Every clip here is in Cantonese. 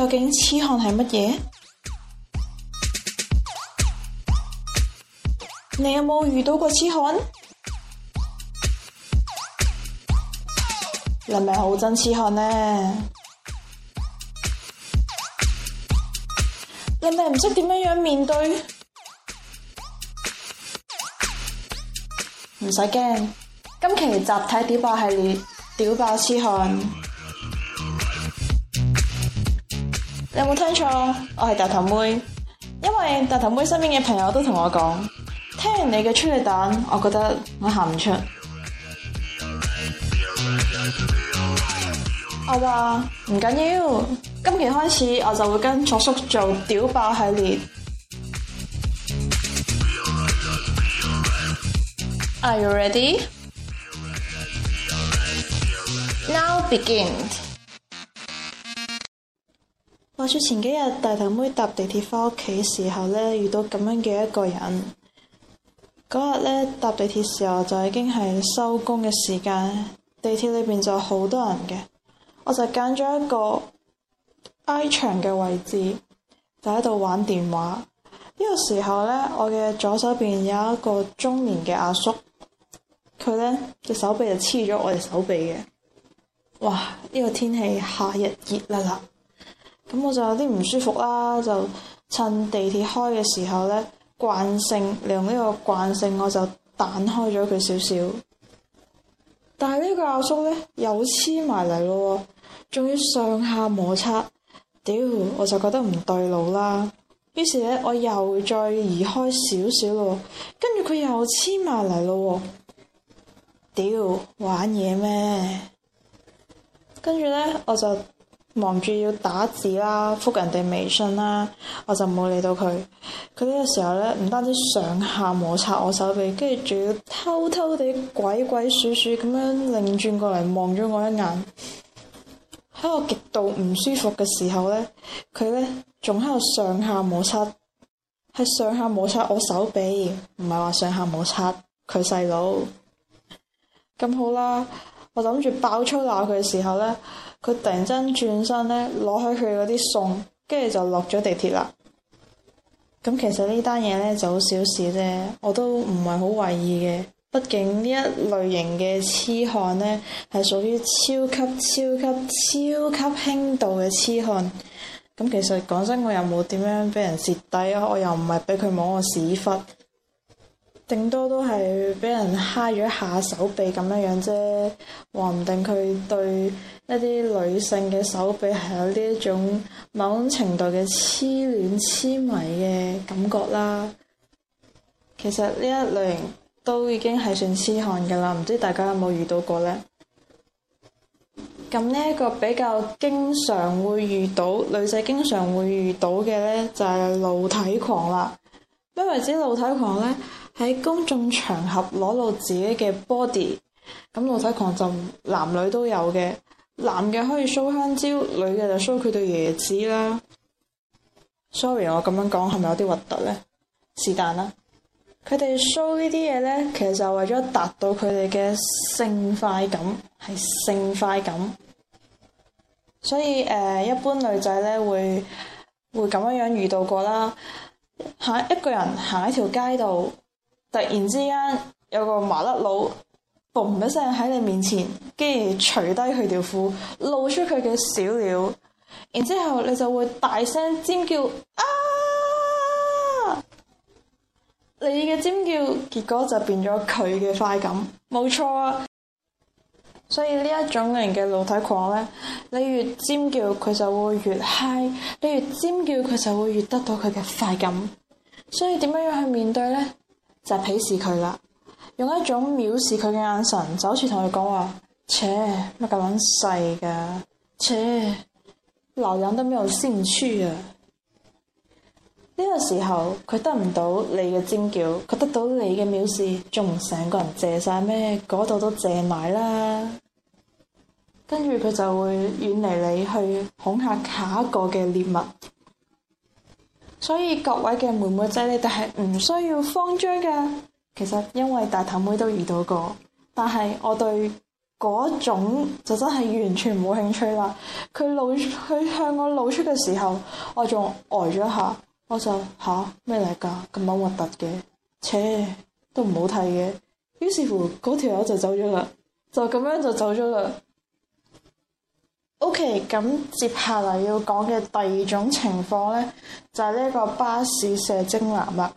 究竟痴漢係乜嘢？你有冇遇到過痴漢？你咪好憎痴漢呢？你咪唔識點樣樣面對？唔使驚，今期集體屌爆系列，屌爆痴漢。你有冇聽錯？我係大頭妹，因為大頭妹身邊嘅朋友都同我講，聽完你嘅催淚彈，我覺得我喊唔出。我話唔緊要，今期開始我就會跟楚叔做屌爆系列。Are you ready? Now begin. 話説前幾日大頭妹搭地鐵翻屋企嘅時候呢，遇到咁樣嘅一個人。嗰日呢，搭地鐵時候就已經係收工嘅時間，地鐵裏邊就好多人嘅。我就揀咗一個挨牆嘅位置，就喺度玩電話。呢個時候呢，我嘅左手邊有一個中年嘅阿叔，佢呢隻手臂就黐咗我隻手臂嘅。哇！呢個天氣夏日熱啦啦～咁我就有啲唔舒服啦，就趁地鐵開嘅時候呢，慣性，利用呢個慣性，我就彈開咗佢少少。但係呢個阿叔呢又黐埋嚟咯，仲要上下摩擦，屌我就覺得唔對路啦。於是呢，我又再移開少少咯，跟住佢又黐埋嚟咯，屌玩嘢咩？跟住呢，我就。忙住要打字啦，覆人哋微信啦，我就冇理到佢。佢呢個時候咧，唔單止上下摩擦我手臂，跟住仲要偷偷地鬼鬼祟祟咁樣，擰轉過嚟望咗我一眼。喺我極度唔舒服嘅時候咧，佢咧仲喺度上下摩擦，係上下摩擦我手臂，唔係話上下摩擦佢細佬。咁好啦～我諗住爆粗鬧佢嘅時候呢，佢突然間轉身呢攞起佢嗰啲餸，跟住就落咗地鐵啦。咁其實呢單嘢呢就好小事啫，我都唔係好懷疑嘅。畢竟呢一類型嘅痴漢呢，係屬於超級超級超級輕度嘅痴漢。咁其實講真，我又冇點樣俾人蝕底啊！我又唔係俾佢摸我屎忽。頂多都係俾人揩咗下手臂咁樣樣啫，話唔定佢對一啲女性嘅手臂係有呢一種某種程度嘅痴戀痴迷嘅感覺啦。其實呢一類型都已經係算痴漢㗎啦，唔知大家有冇遇到過呢？咁呢一個比較經常會遇到，女仔經常會遇到嘅呢，就係露體狂啦。咩為之露體狂呢？喺公眾場合攞到自己嘅 body，咁露體老狂就男女都有嘅。男嘅可以 show 香蕉，女嘅就 show 佢對椰子啦。Sorry，我咁樣講係咪有啲核突咧？是但啦，佢哋 show 呢啲嘢咧，其實就為咗達到佢哋嘅性快感，係性快感。所以誒，一般女仔咧會會咁樣樣遇到過啦。行一個人行喺條街度。突然之間有個麻甩佬，嘣一聲喺你面前，跟住除低佢條褲，露出佢嘅小鳥，然之後你就會大聲尖叫啊！你嘅尖叫結果就變咗佢嘅快感，冇錯啊。所以呢一種人嘅露體狂咧，你越尖叫佢就會越嗨；你越尖叫佢就會越得到佢嘅快感。所以點樣樣去面對咧？就鄙視佢啦，用一種藐視佢嘅眼神，就好似同佢講話：切乜咁撚細噶，切，流人都沒有先唔出啊！呢個時候佢得唔到你嘅尖叫，佢得到你嘅藐視，仲唔成個人謝晒咩？嗰度都謝埋啦，跟住佢就會遠離你去恐吓下一個嘅獵物。所以各位嘅妹妹仔，你哋係唔需要慌張㗎。其實因為大頭妹都遇到過，但係我對嗰種就真係完全冇興趣啦。佢露佢向我露出嘅時候，我仲呆咗下，我就吓？咩嚟㗎？咁撚核突嘅，切都唔好睇嘅。於是乎嗰條友就走咗啦，就咁樣就走咗啦。O K，咁接下嚟要講嘅第二種情況呢，就係呢個巴士射精男啦，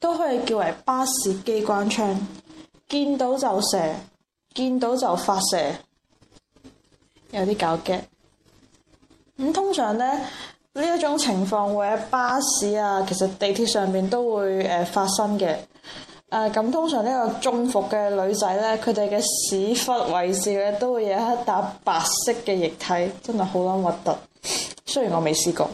都可以叫為巴士機關槍，見到就射，見到就發射，有啲搞嘅。咁通常呢，呢一種情況會喺巴士啊，其實地鐵上面都會誒發生嘅。誒咁通常呢個中伏嘅女仔呢，佢哋嘅屎忽位置呢都會有一沓白色嘅液體，真係好撚核突。雖然我未試過。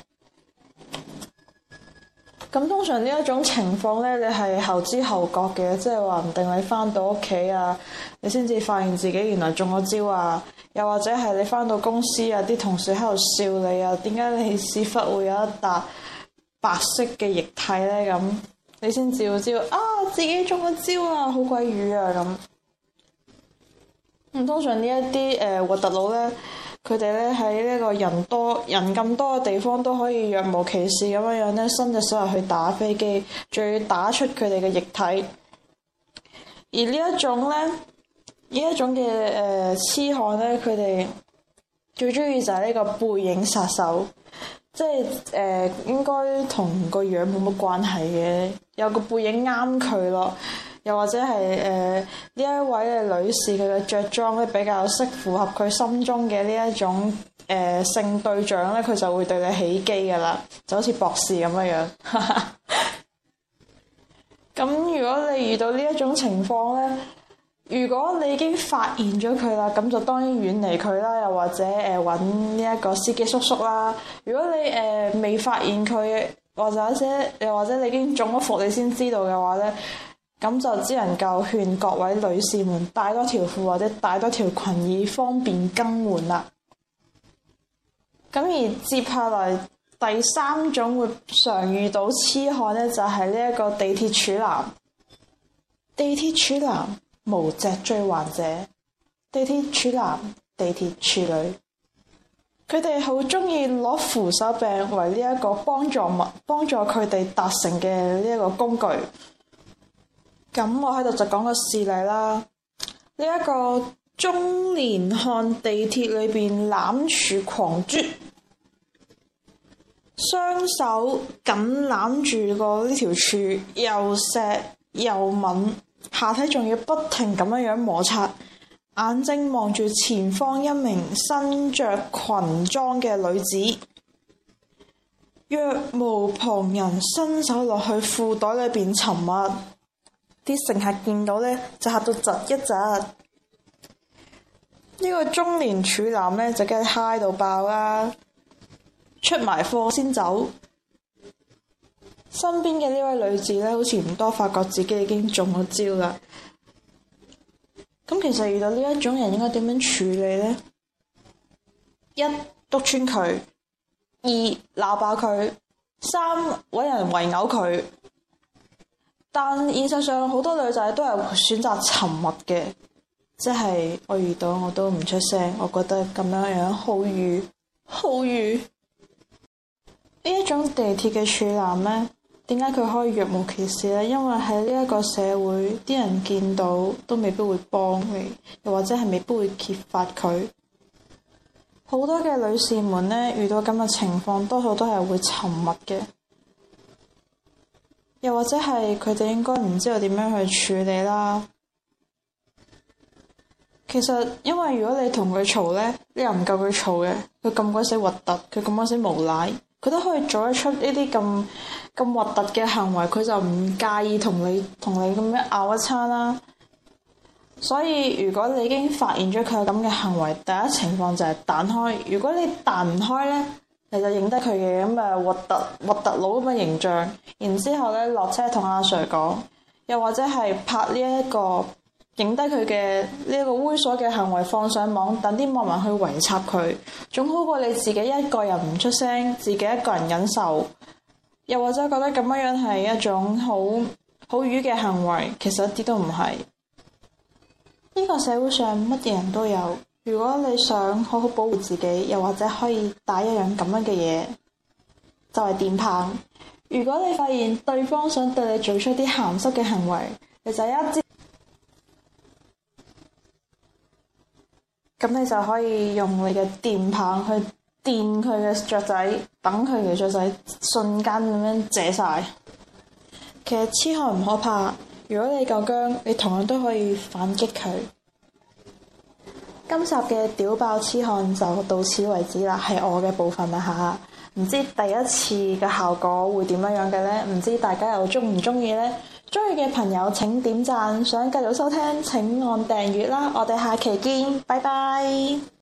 咁通常呢一種情況呢，你係後知後覺嘅，即係話唔定你返到屋企啊，你先至發現自己原來中咗招啊。又或者係你返到公司啊，啲同事喺度笑你啊，點解你屎忽會有一沓白色嘅液體呢？咁？你先照招啊！自己中咗招啊，好鬼瘀啊咁。咁通常、呃、呢一啲誒核突佬咧，佢哋咧喺呢個人多人咁多嘅地方都可以若無其事咁樣樣咧，伸隻手入去打飛機，仲要打出佢哋嘅液體。而呢一種咧，呢一種嘅誒癡漢咧，佢、呃、哋最中意就係呢個背影殺手。即係誒、呃，應該同個樣冇乜關係嘅，有個背影啱佢咯，又或者係誒呢一位嘅女士，佢嘅着裝咧比較適符合佢心中嘅呢一種誒、呃、性對象咧，佢就會對你起機㗎喇，就好似博士咁嘅樣。咁 如果你遇到呢一種情況咧？如果你已經發現咗佢啦，咁就當然遠離佢啦，又或者誒揾呢一個司機叔叔啦。如果你誒、呃、未發現佢，或者一些，又或者你已經中咗伏，你先知道嘅話呢，咁就只能夠勸各位女士們帶多條褲或者帶多條裙以方便更換啦。咁而接下來第三種會常遇到痴漢呢，就係呢一個地鐵柱男。地鐵柱男。無脊椎患者，地鐵柱男，地鐵柱女，佢哋好中意攞扶手柄為呢一個幫助物，幫助佢哋達成嘅呢一個工具。咁我喺度就講個事例啦。呢、這、一個中年漢地鐵裏邊攬柱狂啜，雙手緊攬住個呢條柱，又錫又敏。下體仲要不停咁樣摩擦，眼睛望住前方一名身着裙裝嘅女子，若無旁人，伸手落去褲袋裏邊尋物，啲乘客見到呢，就吓到窒一窒，呢個中年處男呢，就梗係嗨到爆啦，出埋貨先走。身邊嘅呢位女子咧，好似唔多發覺自己已經中咗招啦。咁其實遇到呢一種人，應該點樣處理呢？一督穿佢，二鬧爆佢，三揾人圍毆佢。但現實上好多女仔都係選擇沉默嘅，即係我遇到我都唔出聲。我覺得咁樣樣好瘀，好瘀。呢一種地鐵嘅處男呢。點解佢可以若無其事呢？因為喺呢一個社會，啲人見到都未必會幫佢，又或者係未必會揭發佢。好多嘅女士們呢，遇到咁嘅情況，多數都係會沉默嘅。又或者係佢哋應該唔知道點樣去處理啦。其實，因為如果你同佢嘈呢，你又唔夠佢嘈嘅，佢咁鬼死核突，佢咁鬼死無賴。佢都可以做得出呢啲咁咁核突嘅行為，佢就唔介意同你同你咁樣拗一餐啦。所以如果你已經發現咗佢有咁嘅行為，第一情況就係彈開。如果你彈唔開呢，你就認得佢嘅咁嘅核突核突佬咁嘅形象。然之後呢，落車同阿 sir 講，又或者係拍呢一個。影低佢嘅呢一個猥瑣嘅行為，放上網，等啲網民去圍插佢，總好過你自己一個人唔出聲，自己一個人忍受。又或者覺得咁樣樣係一種好好瘀嘅行為，其實一啲都唔係。呢個社會上乜嘢人都有，如果你想好好保護自己，又或者可以帶一樣咁樣嘅嘢，就係電棒。如果你發現對方想對你做出啲咸濕嘅行為，你就一咁你就可以用你嘅電棒去電佢嘅雀仔，等佢嘅雀仔瞬間咁樣謝晒。其實黐漢唔可怕，如果你夠薑，你同樣都可以反擊佢。今集嘅屌爆黐漢就到此為止啦，係我嘅部分啦嚇。唔知第一次嘅效果會點樣樣嘅咧？唔知大家又鍾唔鍾意咧？鍾意嘅朋友請點讚，想繼續收聽請按訂閱啦，我哋下期見，拜拜。